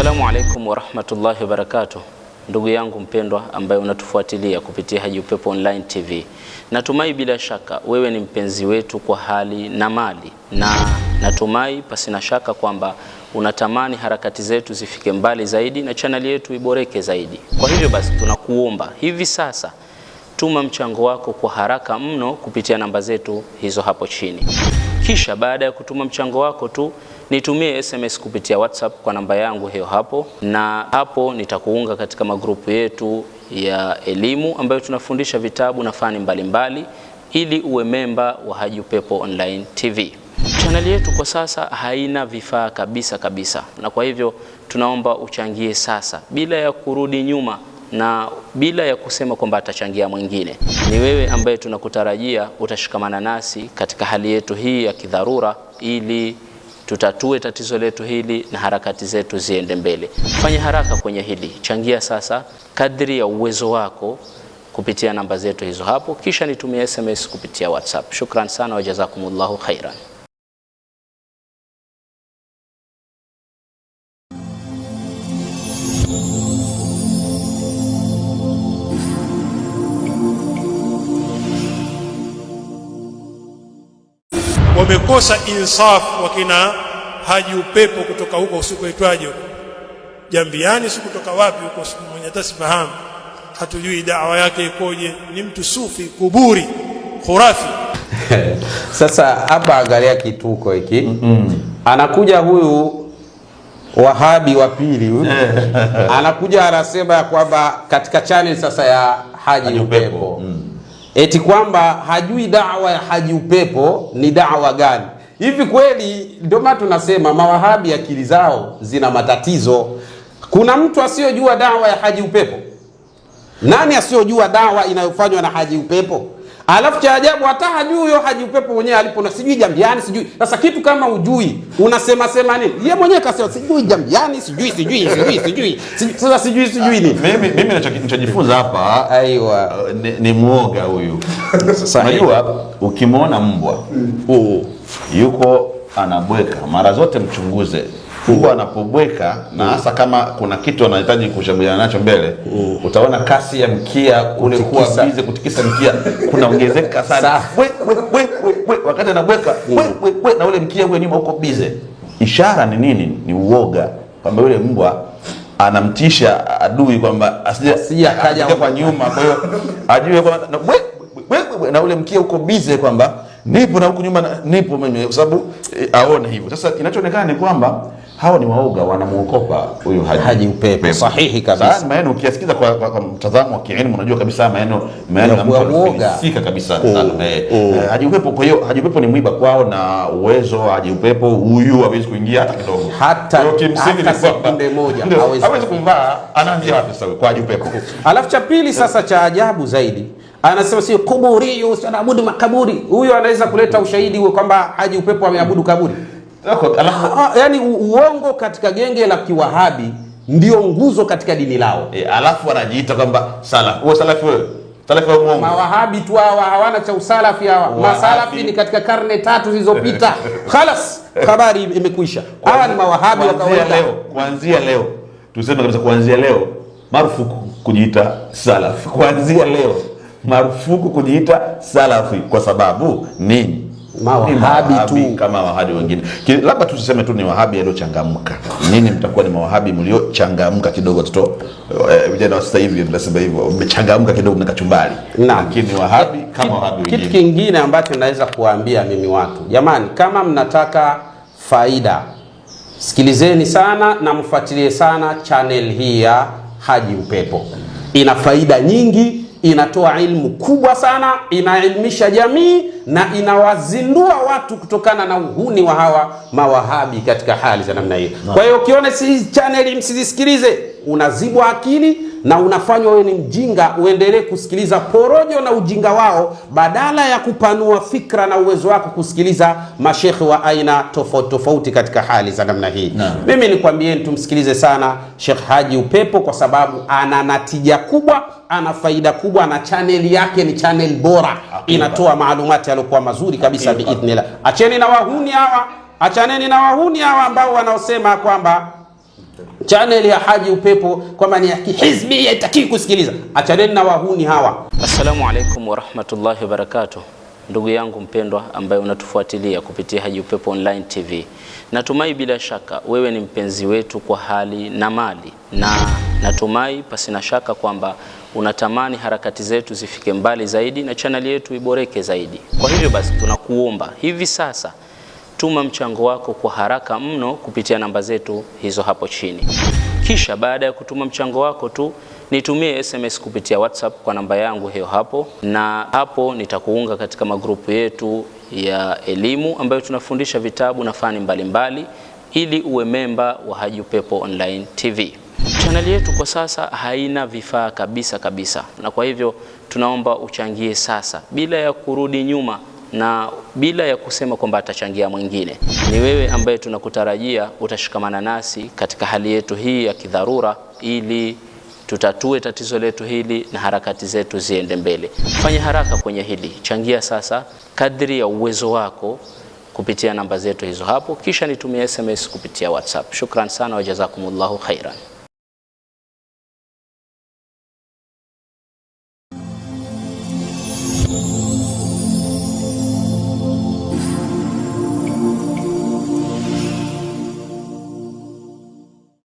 Assalamu alaikum warahmatullahi wabarakatuh. Ndugu yangu mpendwa ambaye unatufuatilia kupitia Haji Upepo Online TV, natumai bila shaka wewe ni mpenzi wetu kwa hali na mali, na natumai pasina shaka kwamba unatamani harakati zetu zifike mbali zaidi na chaneli yetu iboreke zaidi. Kwa hivyo basi, tunakuomba hivi sasa tuma mchango wako kwa haraka mno kupitia namba zetu hizo hapo chini, kisha baada ya kutuma mchango wako tu nitumie SMS kupitia WhatsApp kwa namba yangu hiyo hapo, na hapo nitakuunga katika magrupu yetu ya elimu ambayo tunafundisha vitabu na fani mbalimbali mbali, ili uwe memba wa Haji Upepo Online TV. Chaneli yetu kwa sasa haina vifaa kabisa kabisa, na kwa hivyo tunaomba uchangie sasa bila ya kurudi nyuma na bila ya kusema kwamba atachangia mwingine. Ni wewe ambaye tunakutarajia utashikamana nasi katika hali yetu hii ya kidharura ili tutatue tatizo letu hili na harakati zetu ziende mbele. Fanya haraka kwenye hili, changia sasa kadri ya uwezo wako kupitia namba zetu hizo hapo, kisha nitumie SMS kupitia WhatsApp. Shukran sana, wajazakumullahu khairan. wamekosa insafu wakina Haji Upepo kutoka huko usiku itwaje Jambiani, si kutoka wapi huko, mwenye hata sifahamu, hatujui dawa yake ikoje, ni mtu sufi kuburi khurafi. Sasa hapa angalia kituko hiki Anakuja huyu wahabi wa pili anakuja anasema ya kwamba katika channel sasa ya Haji, Haji Upepo, Upepo. Mm eti kwamba hajui dawa ya Haji Upepo ni dawa gani. Hivi kweli? Ndio maana tunasema mawahabi akili zao zina matatizo. Kuna mtu asiyojua dawa ya Haji Upepo? Nani asiyojua dawa inayofanywa na Haji Upepo? Alafu cha ajabu hata hajui huyo Haji Upepo mwenyewe alipo na sijui Jambiani sijui. Sasa kitu kama ujui unasema sema nini? Yeye mwenyewe kasema sijui Jambiani sijui sijui sijui sijui. Sasa sijui sijui nini. Ah, mimi mimi ninachojifunza hapa aiwa uh, ni, ni muoga huyu. Sasa unajua ukimwona mbwa mm. yuko anabweka mara zote mchunguze huwa anapobweka na mm. hasa kama kuna kitu anahitaji kushambuliana nacho mbele, mm. utaona kasi ya mkia ule kuwa bize kutikisa mkia kunaongezeka sana, wakati anabweka mm. na ule mkia ule nyuma uko bize. Ishara ni nini? Ni uoga, kwamba yule mbwa anamtisha adui kwamba asije akaja kwa nyuma, kwa hiyo ajue kwamba na ule mkia uko bize kwamba nipo na huku nyuma nipo mimi, kwa sababu eh, aone hivyo. Sasa kinachoonekana ni kwamba hawa ni waoga, wanamwogopa huyu Haji, Haji Upepo. Sahihi kabisa, maneno ukiasikiza kwa, kwa, kwa mtazamo wa kielimu unajua kabisa maneno sika kabisa oh, oh. sana eh, Haji Upepo. Kwa hiyo Haji Upepo ni mwiba kwao, na uwezo wa Haji Upepo huyu hawezi kuingia hata kidogo, hata kimsingi ni kwa sekunde moja hawezi kuvaa, Anaanzia wapi sasa kwa Haji Upepo? Alafu cha pili sasa cha ajabu zaidi anasema si kuburi, usiabudu makaburi. Huyo anaweza kuleta ushahidi kwamba Haji Upepo ameabudu kaburi? Ah, ah, yani uongo katika genge la kiwahabi ndio nguzo katika dini lao. E, alafu wanajiita kwamba salafi. Wewe salafi wewe? Salafi wa Mungu. Mawahabi tu hawa hawana cha usalafi hawa. Masalafi ni katika karne tatu zilizopita. Khalas, habari imekwisha. Hawa ni mawahabi wa kawaida. Leo, kuanzia leo. Tuseme kabisa kuanzia leo marufuku kujiita salafi. Kuanzia leo marufuku kujiita salafi kwa sababu nini? mawahabi tu kama wahadi wengine, labda tusiseme tu ni wahabi yaliochangamka Nyinyi mtakuwa ni mawahabi mliochangamka kidogo, toto eh, vijana wa sasa hivi tunasema hivyo, mmechangamka kidogo na kachumbari, lakini wahabi kama wahabi wengine. Kitu kingine ambacho naweza kuwaambia mimi watu, jamani, kama mnataka faida, sikilizeni sana na mfuatilie sana channel hii ya Haji Upepo, ina faida nyingi inatoa ilmu kubwa sana, inaelimisha jamii na inawazindua watu kutokana na uhuni wa hawa mawahabi katika hali za namna hiyo. Kwa hiyo ukiona si channel, msizisikilize unazibwa akili na unafanywa wewe ni mjinga, uendelee kusikiliza porojo na ujinga wao badala ya kupanua fikra na uwezo wako kusikiliza mashekhe wa aina tofauti tofauti katika hali za namna hii na. Mimi nikwambieni tumsikilize sana Sheikh Haji Upepo kwa sababu ana natija kubwa, ana faida kubwa, na chaneli yake ni chaneli bora, inatoa maalumati yaliokuwa mazuri kabisa biidhnillah. Acheni na wahuni hawa, achaneni na wahuni hawa ambao wanaosema kwamba Channel ya Haji Upepo kwamba ni ya kihizbi haitaki kusikiliza, achaneni na wahuni hawa. Assalamu alaikum warahmatullahi wabarakatuh. Ndugu yangu mpendwa ambaye unatufuatilia kupitia Haji Upepo Online TV, natumai bila shaka wewe ni mpenzi wetu kwa hali na mali, na natumai na shaka kwamba unatamani harakati zetu zifike mbali zaidi na chaneli yetu iboreke zaidi. Kwa hivyo basi, tunakuomba hivi sasa tuma mchango wako kwa haraka mno kupitia namba zetu hizo hapo chini. Kisha baada ya kutuma mchango wako tu nitumie SMS kupitia WhatsApp kwa namba yangu hiyo hapo, na hapo nitakuunga katika magrupu yetu ya elimu ambayo tunafundisha vitabu na fani mbalimbali mbali, ili uwe memba wa Haji Upepo Online TV. Chaneli yetu kwa sasa haina vifaa kabisa kabisa, na kwa hivyo tunaomba uchangie sasa bila ya kurudi nyuma na bila ya kusema kwamba atachangia mwingine. Ni wewe ambaye tunakutarajia utashikamana nasi katika hali yetu hii ya kidharura, ili tutatue tatizo letu hili na harakati zetu ziende mbele. Fanya haraka kwenye hili, changia sasa kadri ya uwezo wako kupitia namba zetu hizo hapo, kisha nitumie SMS kupitia WhatsApp. Shukran sana, wajazakumullahu khairan.